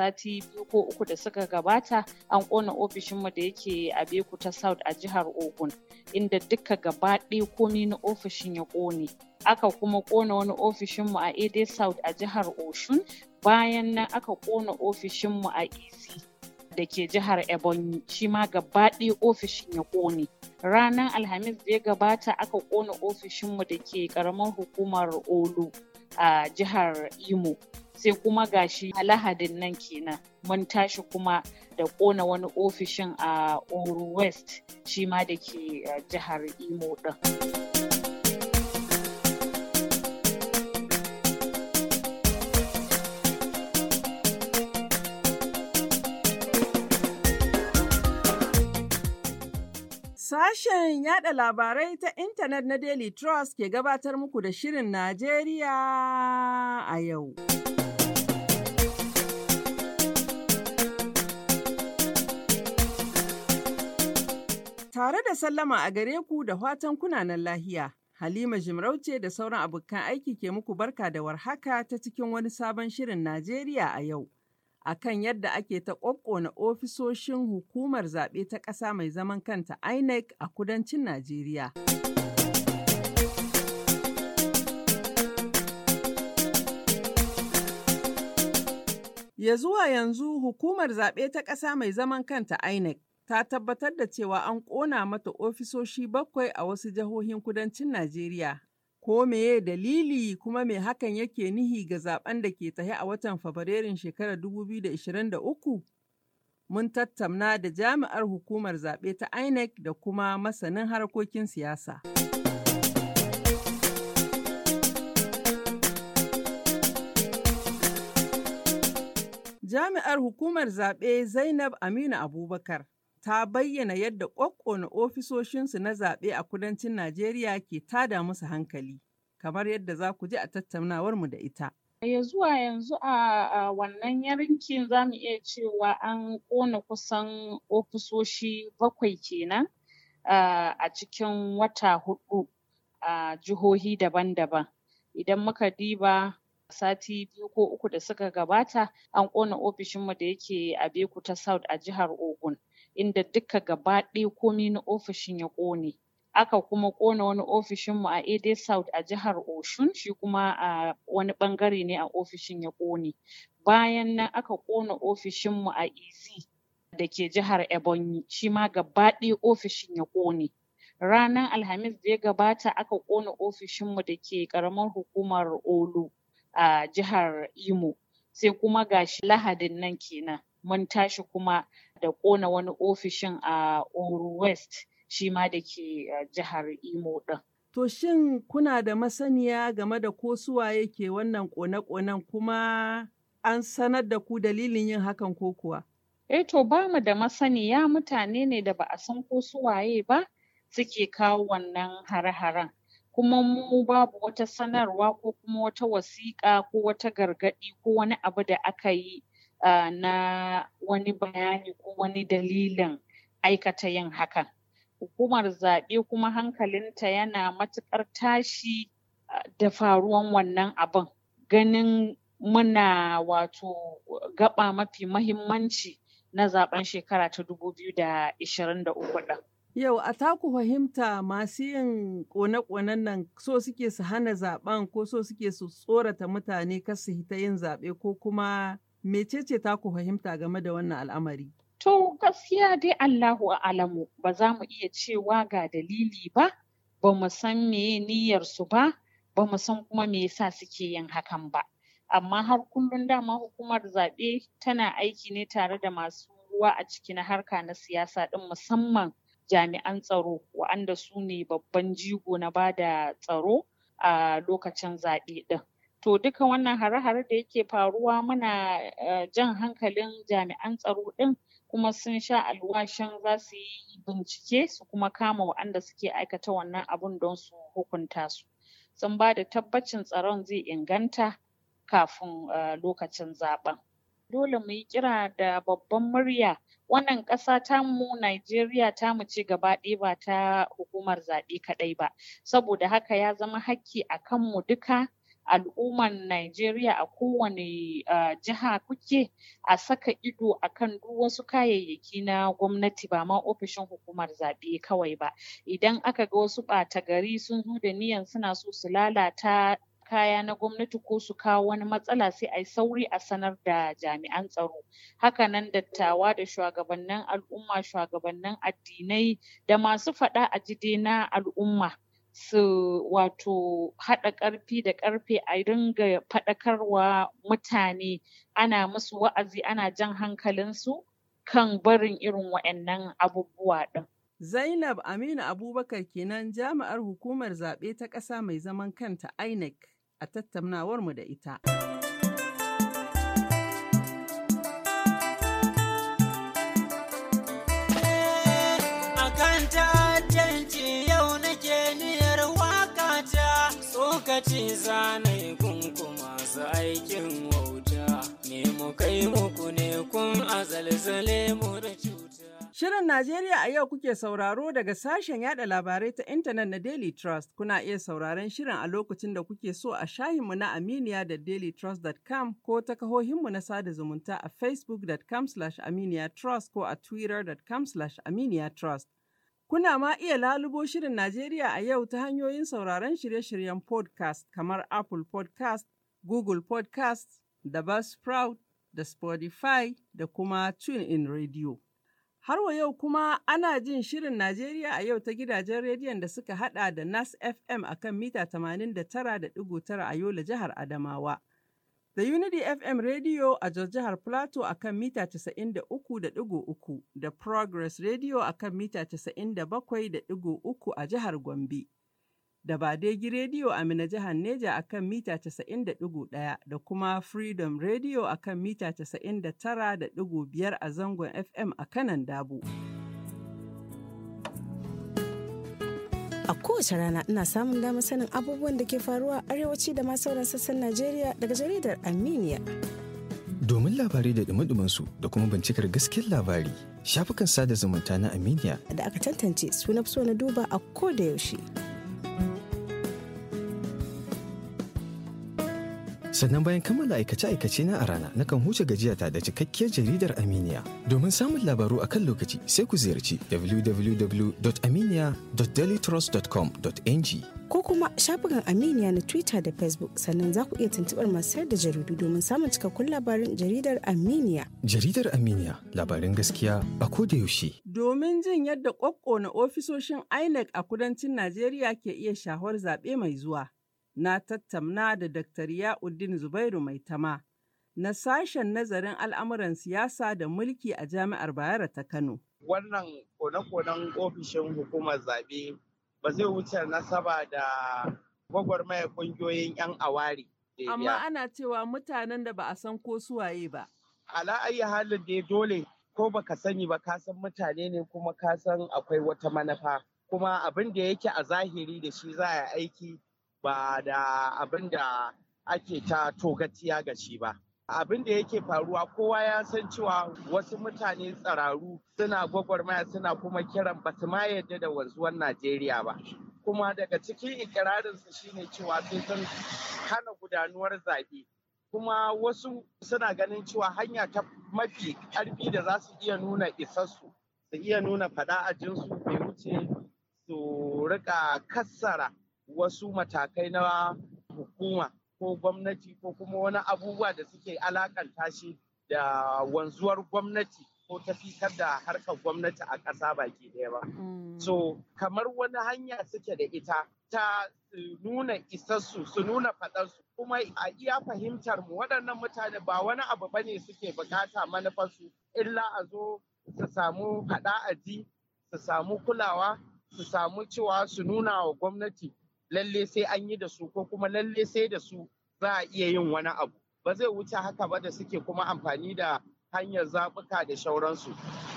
sati biyu ko uku da suka gabata an kona ofishinmu da yake a beku ta south a jihar ogun inda duka gaba ɗaya komi na ofishin ya ƙone aka kuma ƙona wani ofishinmu a ede south a jihar oshun bayan nan aka ƙona ofishinmu a ec da ke jihar ebonyi shi ma gaba ɗaya ofishin ya ƙone ranar alhamis da ya gabata aka ƙona ofishinmu da ke ƙaramar hukumar olu a jihar Imo. Sai kuma gashi a lahadin nan kenan mun tashi kuma da kona wani ofishin a Oru West shi ma da ke jihar Imo ɗin. Sashen yada labarai ta intanet na Daily Trust ke gabatar muku da Shirin Najeriya a yau. Tare da sallama a gare ku da watan kunanan lahiya, Halima Jimarauce da sauran abokan aiki ke muku barka da warhaka ta cikin wani sabon Shirin Najeriya a yau. a kan yadda ake ta ƙwaƙƙona ofisoshin hukumar zaɓe ta ƙasa mai zaman kanta INEC a kudancin Najeriya. Ya zuwa yanzu hukumar zaɓe ta ƙasa mai zaman kanta INEC ta tabbatar da cewa an ƙona mata ofisoshi bakwai a wasu jihohin kudancin Najeriya ko meye dalili kuma me hakan yake nihi ga zaben da ke tahe a watan Fabrairun shekarar 2023? Mun tattauna da jami'ar hukumar zaɓe ta INEC da kuma masanin harkokin siyasa. Jami'ar hukumar zaɓe Zainab Aminu Abubakar ta bayyana yadda ƙwaƙƙona ofisoshinsu na zaɓe a kudancin Najeriya ke tada musu hankali, kamar yadda za ku ji a tattaunawar mu da ita. Ya zuwa yanzu a wannan yarinkin za mu iya cewa an ƙona kusan ofisoshi bakwai kenan a cikin wata hudu a jihohi daban-daban. Idan muka diba sati biyu ko uku da suka gabata an ƙona ofishinmu da yake a Beku ta South a jihar Ogun. inda duka gaba ɗaya komi na ofishin ya ƙone. Aka kuma ƙona wani ofishinmu a Ede South a jihar Oshun shi kuma a wani ɓangare ne a ofishin ya ƙone. Bayan nan aka ƙona ofishinmu a Izi e da ke jihar Ebonyi shi ma gaba ɗaya ofishin ya ƙone. Ranar Alhamis da ya gabata aka ƙona ofishinmu da ke ƙaramar hukumar Olu a jihar Imo. Sai kuma gashi Lahadin nan kenan mun tashi kuma da kona wani ofishin a Oru West shi ma da ke jihar Imo ɗin. To shin kuna da masaniya game da ko suwa yake wannan kone-konen kuma an sanar da ku dalilin yin hakan ko kuwa? Eh to ba mu da masaniya mutane ne da ba a san ko suwaye ba suke kawo wannan hare-haren. kuma mu babu wata sanarwa ko kuma wata wasiƙa ko wata gargaɗi ko wani abu da aka yi Ah, na wani bayani ko wani dalilin aikata yin hakan. Hukumar zaɓe kuma hankalinta yana matuƙar tashi ah, da faruwan wannan abin ganin muna wato gaba mafi mahimmanci na zaben shekara ta 2023 ɗin. Yau a taku fahimta masu yin kone-konen nan so suke su hana zaben ko so suke su tsorata mutane kasu hita yin zaɓe ko kuma Mecece ta ku fahimta game da wannan al'amari? To gaskiya dai Allahu alamu ba za mu iya cewa ga dalili ba, ba mu san meye niyyarsu ba, ba mu san kuma me yasa suke yin hakan ba. Amma har kullum dama hukumar zaɓe tana aiki ne tare da masu ruwa a ciki na harka na siyasa ɗin musamman jami'an tsaro wa'anda su ne babban jigo na bada tsaro a lokacin zaɓe ɗin. To duka wannan hare-hare da yake faruwa muna eh, jan hankalin jami'an tsaro ɗin kuma sun sha alwashin za su yi bincike su kuma kama waɗanda suke aikata wannan abun don su hukunta su. Sun ba da tabbacin tsaron zai inganta kafin eh, lokacin zaben. Dole mu yi kira da babban murya wannan ƙasa tamu Najeriya ta mu ci gaba ɗaya ba ta hukumar zaɓe kaɗai ba. Saboda haka ya zama hakki a kanmu duka al'umman Najeriya a kowane ah, jiha kuke a saka ido akan duk wasu kayayyaki na gwamnati ba ma ofishin hukumar zaɓe kawai ba idan aka ga wasu ɓata gari sun zo da niyan suna so su lalata kaya na gwamnati ko su kawo wani matsala sai a yi sauri a sanar da jami'an tsaro hakanan dattawa da shugabannin al'umma shugabannin addinai da masu faɗa a jide na al'umma su wato haɗa ƙarfi da ƙarfe a ringa faɗakarwa mutane ana musu wa'azi ana jan hankalinsu kan barin irin wa'annan abubuwa ɗin. Zainab Aminu Abubakar kenan jami'ar hukumar zaɓe ta ƙasa mai zaman kanta INEC a tattaunawar mu da ita. ce zanai kun kuma aikin wauta me mu muku ne kun a zalzale mu da cuta. Shirin Najeriya a yau kuke sauraro daga sashen yada labarai ta intanet na Daily Trust kuna iya sauraron shirin a lokacin da kuke so a shahinmu na Aminiya da dailytrust.com ko ta kahohinmu na sada zumunta a facebook.com/aminiya trust ko a twitter.com/aminiya trust. Kuna ma iya lalubo Shirin Najeriya a yau ta hanyoyin sauraron shirye-shiryen podcast kamar Apple podcast, Google podcast, da Buzzsprout, da Spotify, da kuma TuneIn Radio. Har wa yau kuma ana jin Shirin Najeriya a yau ta gidajen rediyon da suka hada da Nas FM a kan mita 89.9 a Yola jihar Adamawa. da Unity FM Radio a jihar Plateau a kan mita 93.3 da Progress Radio a kan mita 97.3 a jihar Gombe. Da Badegi Radio a Mina jihar Neja a kan mita 90.1 da kuma Freedom Radio a kan mita 99.5 a zangon FM a kanan dabu. A kowace rana ina samun damar sanin abubuwan da ke faruwa arewaci da ma sauran sassan Najeriya daga jaridar armenia. Domin labarai da dumi su da kuma bincikar gaskiyar labari, shafukan sada zumunta na armenia. da aka tantance suna so na duba a ko da yaushe. sannan bayan kammala aikace-aikace na a rana nakan huce gajiyata da cikakkiyar jaridar aminiya domin samun labaru a kan lokaci sai ku ziyarci www.aminiya.dailytrust.com.ng ko kuma shafukan aminiya na twitter da facebook sannan za ku iya tuntubar masu sayar da jaridu domin samun cikakkun labarin jaridar aminiya jaridar aminiya labarin gaskiya a koda yaushe domin jin yadda na ofisoshin inec a kudancin najeriya ke iya shahwar zaɓe mai zuwa na tattamna da Dr. Ya'uddin Zubairu Maitama na sashen nazarin al'amuran siyasa da mulki a Jami'ar Bayero ta Kano. Wannan kone-konen ofishin hukumar zaɓe ba zai wuce nasaba da gwagwarmaya ƙungiyoyin 'yan awari. Amma ana cewa mutanen da ba a san ko suwaye ba. Ala ayi halin da dole ko ba ka sani ba ka san mutane ne kuma ka san akwai wata manufa. Kuma abin da yake a zahiri da shi za a aiki ba da abin da ake ta togaciya ga shi ba. Abin da yake faruwa kowa ya san cewa wasu mutane tsararu suna gwagwarmaya suna kuma kiran ba ma yadda da wanzuwan Najeriya ba. Kuma daga cikin ikirarinsu shine cewa sai sun hana gudanuwar zaɓe. Kuma wasu suna ganin cewa hanya ta mafi ƙarfi da za su iya nuna isassu, su iya nuna faɗa a jinsu bai wuce su rika kassara wasu matakai na hukuma ko gwamnati ko kuma wani abubuwa da suke alakanta shi da wanzuwar gwamnati ko tafitar da harkar gwamnati a ƙasa baki ɗaya ba. Mm. So kamar wani hanya suke da ita ta nuna isassu su nuna faɗarsu kuma a iya fahimtar mu waɗannan mutane ba wani abu bane suke bukata manufarsu illa a zo su samu faɗa aji su samu kulawa su samu cewa su nuna wa gwamnati lalle sai an yi da su ko kuma lalle sai da su za a iya yin wani abu ba zai wuce haka ba da suke kuma amfani da hanyar zaɓuka da shauransu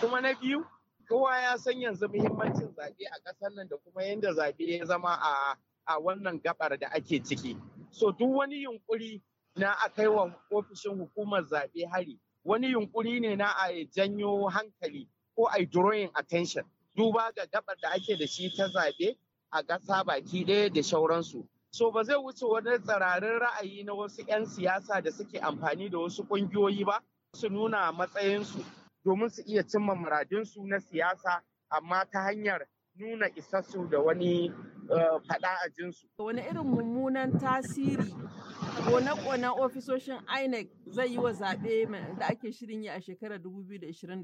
kuma na biyu kowa ya san yanzu muhimmancin zaɓe a ƙasar nan da kuma yadda zaɓe ya zama a a wannan gabar da ake ciki so duk wani yunkuri na a kai wa ofishin hukumar zaɓe hari wani yunkuri ne na a janyo hankali ko a drawing attention duba ga gabar da ake da shi ta zaɓe a ƙasa baki ɗaya da shauransu. So ba zai wuce wani tsirarin ra'ayi na wasu 'yan siyasa da suke amfani da wasu ƙungiyoyi ba su nuna matsayinsu domin su iya cimma muradinsu na siyasa amma ta hanyar nuna isassu da wani eh, faɗa a jinsu. Wani irin mummunan tasiri kone-konen ofisoshin INEC zai yi wa zaɓe da ake shirin yi a shekarar 2023?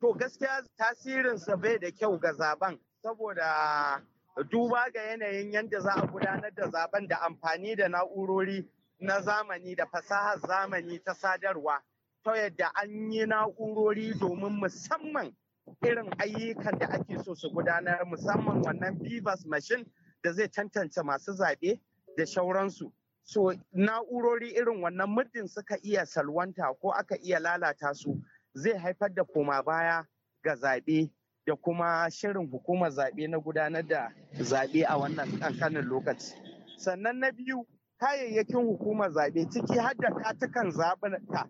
To gaskiya tasirinsa bai da kyau ga zaben saboda duba ga yanayin yadda za a gudanar da zaben da amfani da na'urori na zamani da fasahar zamani ta sadarwa ta yadda an yi na'urori domin musamman irin ayyukan da ake so su gudanar musamman wannan bivas mashin da zai tantance masu zaɓe da shauransu so na'urori irin wannan muddin suka iya salwanta ko aka iya lalata su zai haifar da koma baya ga zaɓe da kuma shirin hukumar zaɓe na gudanar da zaɓe a wannan ƙanƙanin lokaci. Sannan na biyu kayayyakin hukumar zaɓe ciki har da katukan zaɓinka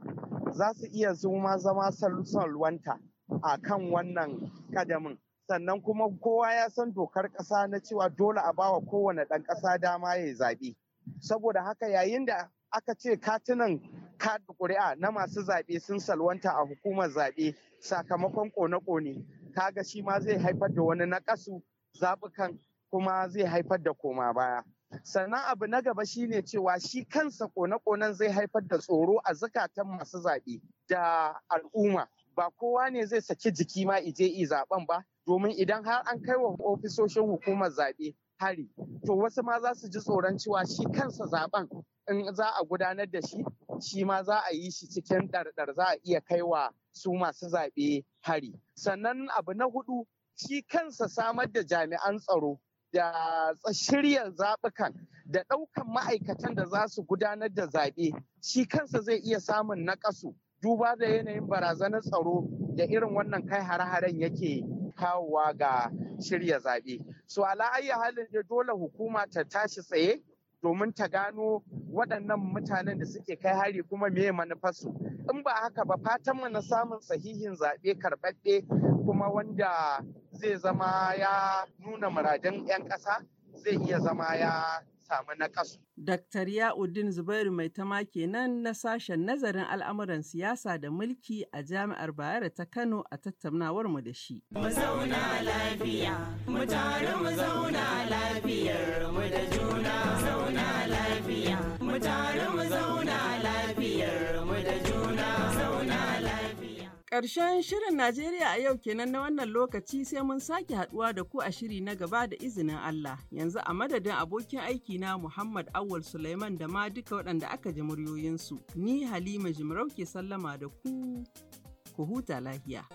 za su iya zuma zama salwanta a kan wannan kadamin. Sannan kuma kowa ya san dokar ƙasa na cewa dole a bawa kowane ɗan ƙasa dama ya yi zaɓe. Saboda haka yayin da aka ce katunan kaɗa ƙuri'a na masu zaɓe sun salwanta a hukumar zaɓe sakamakon ƙone-ƙone kaga shi ma zai haifar da wani nakasu zaɓukan kuma zai haifar da koma baya sannan abu na gaba shine cewa shi kansa kone-konen zai haifar da tsoro a zukatan masu zaɓe da al'umma ba kowa ne zai saki jiki ma ije i zaben ba domin idan har an kai wa ofisoshin hukumar zaɓe hari to wasu ma za su ji tsoron cewa shi kansa zaben in za a gudanar da shi shi ma za a yi shi cikin ɗarɗar za a iya wa su masu zaɓe hari. Sannan abu na hudu shi kansa samar da jami'an tsaro da shirya zaɓukan da ɗaukan ma'aikatan da za su gudanar da zaɓe shi kansa zai iya samun naƙasu duba da yanayin barazanar tsaro da irin wannan kai hare-haren yake kawowa ga shirya zaɓe. So ala halin da dole hukuma ta tashi tsaye domin ta gano waɗannan mutanen da suke kai hari kuma me manufarsu in ba haka ba fatan mu na samun sahihin zaɓe karɓaɓɓe kuma wanda zai zama ya nuna muradin 'yan ƙasa zai iya zama ya samu kasu. Dr. Ya'udin Zubairu Mai Tama kenan na sashen nazarin al'amuran siyasa da mulki a Jami'ar Bayero ta Kano a tattaunawar mu da shi. Mu zauna mu Ƙarshen shirin Najeriya a yau kenan na wannan lokaci sai mun sake haduwa da ku a shiri na gaba da izinin Allah. Yanzu a madadin abokin aiki na Muhammad Awul Sulaiman da ma duka waɗanda aka ji muryoyinsu. Ni Halima Jimarau ke sallama da ku, ku huta lahiya.